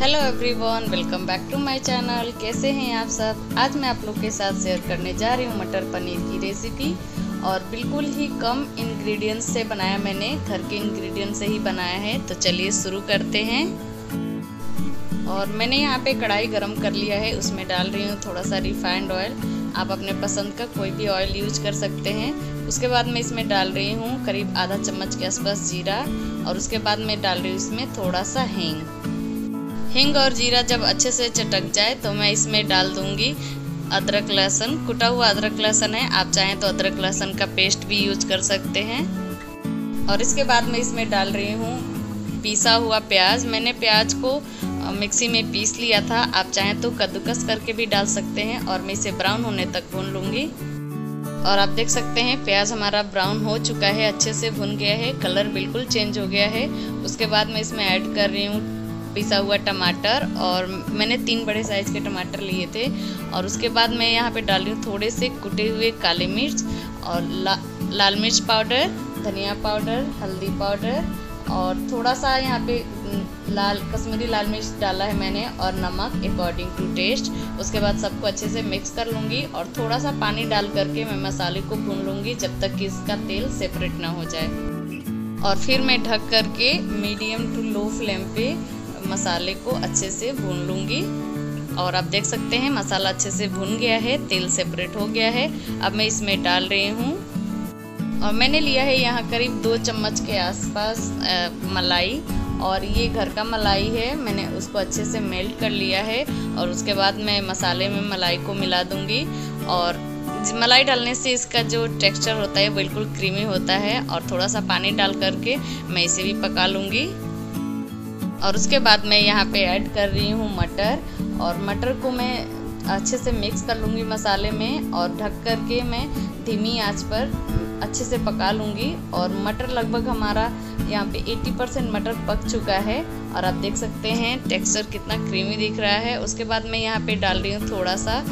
hello everyone welcome back to my channel कैसे हैं आप सब आज मैं आप लोग के साथ शेयर करने जा रही हूँ मटर पनीर की रेसिपी और बिल्कुल ही कम इंग्रेडिएंट्स से बनाया मैंने घर के इंग्रेडिएंट से ही बनाया है तो चलिए शुरू करते हैं और मैंने यहाँ पे कढ़ाई गरम कर लिया है उसमें डाल रही हूँ थोड़ा सा रिफाइंड ऑयल आप अपने पसंद का कोई भी ऑयल यूज कर सकते हैं उसके बाद मैं इसमें डाल रही हूँ करीब आधा चम्मच के आसपास जीरा और उसके बाद मैं डाल रही हूँ इसमें थोड़ा सा हींग हिंग और जीरा जब अच्छे से चटक जाए तो मैं इसमें डाल दूँगी अदरक लहसुन कुटा हुआ अदरक लहसुन है आप चाहें तो अदरक लहसुन का पेस्ट भी यूज कर सकते हैं और इसके बाद मैं इसमें डाल रही हूँ पीसा हुआ प्याज मैंने प्याज को मिक्सी में पीस लिया था आप चाहें तो कद्दूकस करके भी डाल सकते हैं और मैं इसे ब्राउन होने तक भून लूँगी और आप देख सकते हैं प्याज हमारा ब्राउन हो चुका है अच्छे से भुन गया है कलर बिल्कुल चेंज हो गया है उसके बाद मैं इसमें ऐड कर रही हूँ पिसा हुआ टमाटर और मैंने तीन बड़े साइज़ के टमाटर लिए थे और उसके बाद मैं यहाँ पे डाल रही हूँ थोड़े से कुटे हुए काले मिर्च और ला, लाल मिर्च पाउडर धनिया पाउडर हल्दी पाउडर और थोड़ा सा यहाँ पे लाल कश्मीरी लाल मिर्च डाला है मैंने और नमक अकॉर्डिंग टू टेस्ट उसके बाद सबको अच्छे से मिक्स कर लूँगी और थोड़ा सा पानी डाल करके मैं मसाले को भून लूँगी जब तक कि इसका तेल सेपरेट ना हो जाए और फिर मैं ढक करके मीडियम टू लो फ्लेम पे मसाले को अच्छे से भून लूँगी और आप देख सकते हैं मसाला अच्छे से भून गया है तेल सेपरेट हो गया है अब मैं इसमें डाल रही हूँ और मैंने लिया है यहाँ करीब दो चम्मच के आसपास मलाई और ये घर का मलाई है मैंने उसको अच्छे से मेल्ट कर लिया है और उसके बाद मैं मसाले में मलाई को मिला दूँगी और मलाई डालने से इसका जो टेक्सचर होता है बिल्कुल क्रीमी होता है और थोड़ा सा पानी डाल करके मैं इसे भी पका लूँगी और उसके बाद मैं यहाँ पे ऐड कर रही हूँ मटर और मटर को मैं अच्छे से मिक्स कर लूँगी मसाले में और ढक कर के मैं धीमी आंच पर अच्छे से पका लूँगी और मटर लगभग हमारा यहाँ पे 80 परसेंट मटर पक चुका है और आप देख सकते हैं टेक्सचर कितना क्रीमी दिख रहा है उसके बाद मैं यहाँ पे डाल रही हूँ थोड़ा सा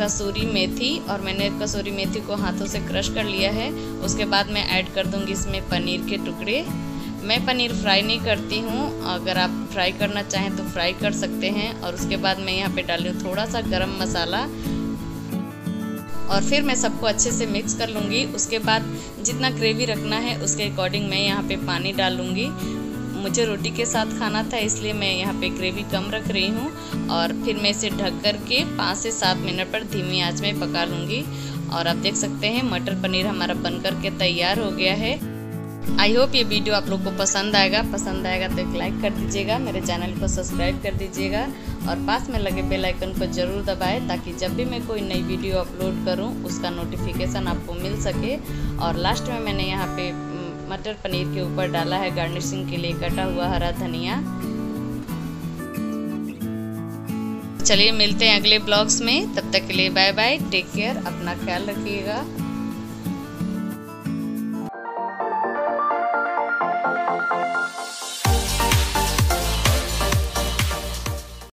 कसूरी मेथी और मैंने कसूरी मेथी को हाथों से क्रश कर लिया है उसके बाद मैं ऐड कर दूँगी इसमें पनीर के टुकड़े मैं पनीर फ्राई नहीं करती हूँ अगर आप फ्राई करना चाहें तो फ्राई कर सकते हैं और उसके बाद मैं यहाँ पे रही हूँ थोड़ा सा गरम मसाला और फिर मैं सबको अच्छे से मिक्स कर लूँगी उसके बाद जितना ग्रेवी रखना है उसके अकॉर्डिंग मैं यहाँ पे पानी डालूँगी मुझे रोटी के साथ खाना था इसलिए मैं यहाँ पे ग्रेवी कम रख रही हूँ और फिर मैं इसे ढक कर के पाँच से सात मिनट पर धीमी आँच में पका लूँगी और आप देख सकते हैं मटर पनीर हमारा बनकर के तैयार हो गया है आई होप ये वीडियो आप लोग को पसंद आएगा पसंद आएगा तो एक लाइक कर दीजिएगा मेरे चैनल को सब्सक्राइब कर दीजिएगा और पास में लगे बेल आइकन को ज़रूर दबाएं ताकि जब भी मैं कोई नई वीडियो अपलोड करूं उसका नोटिफिकेशन आपको मिल सके और लास्ट में मैंने यहाँ पे मटर पनीर के ऊपर डाला है गार्निशिंग के लिए कटा हुआ हरा धनिया चलिए मिलते हैं अगले ब्लॉग्स में तब तक के लिए बाय बाय टेक केयर अपना ख्याल रखिएगा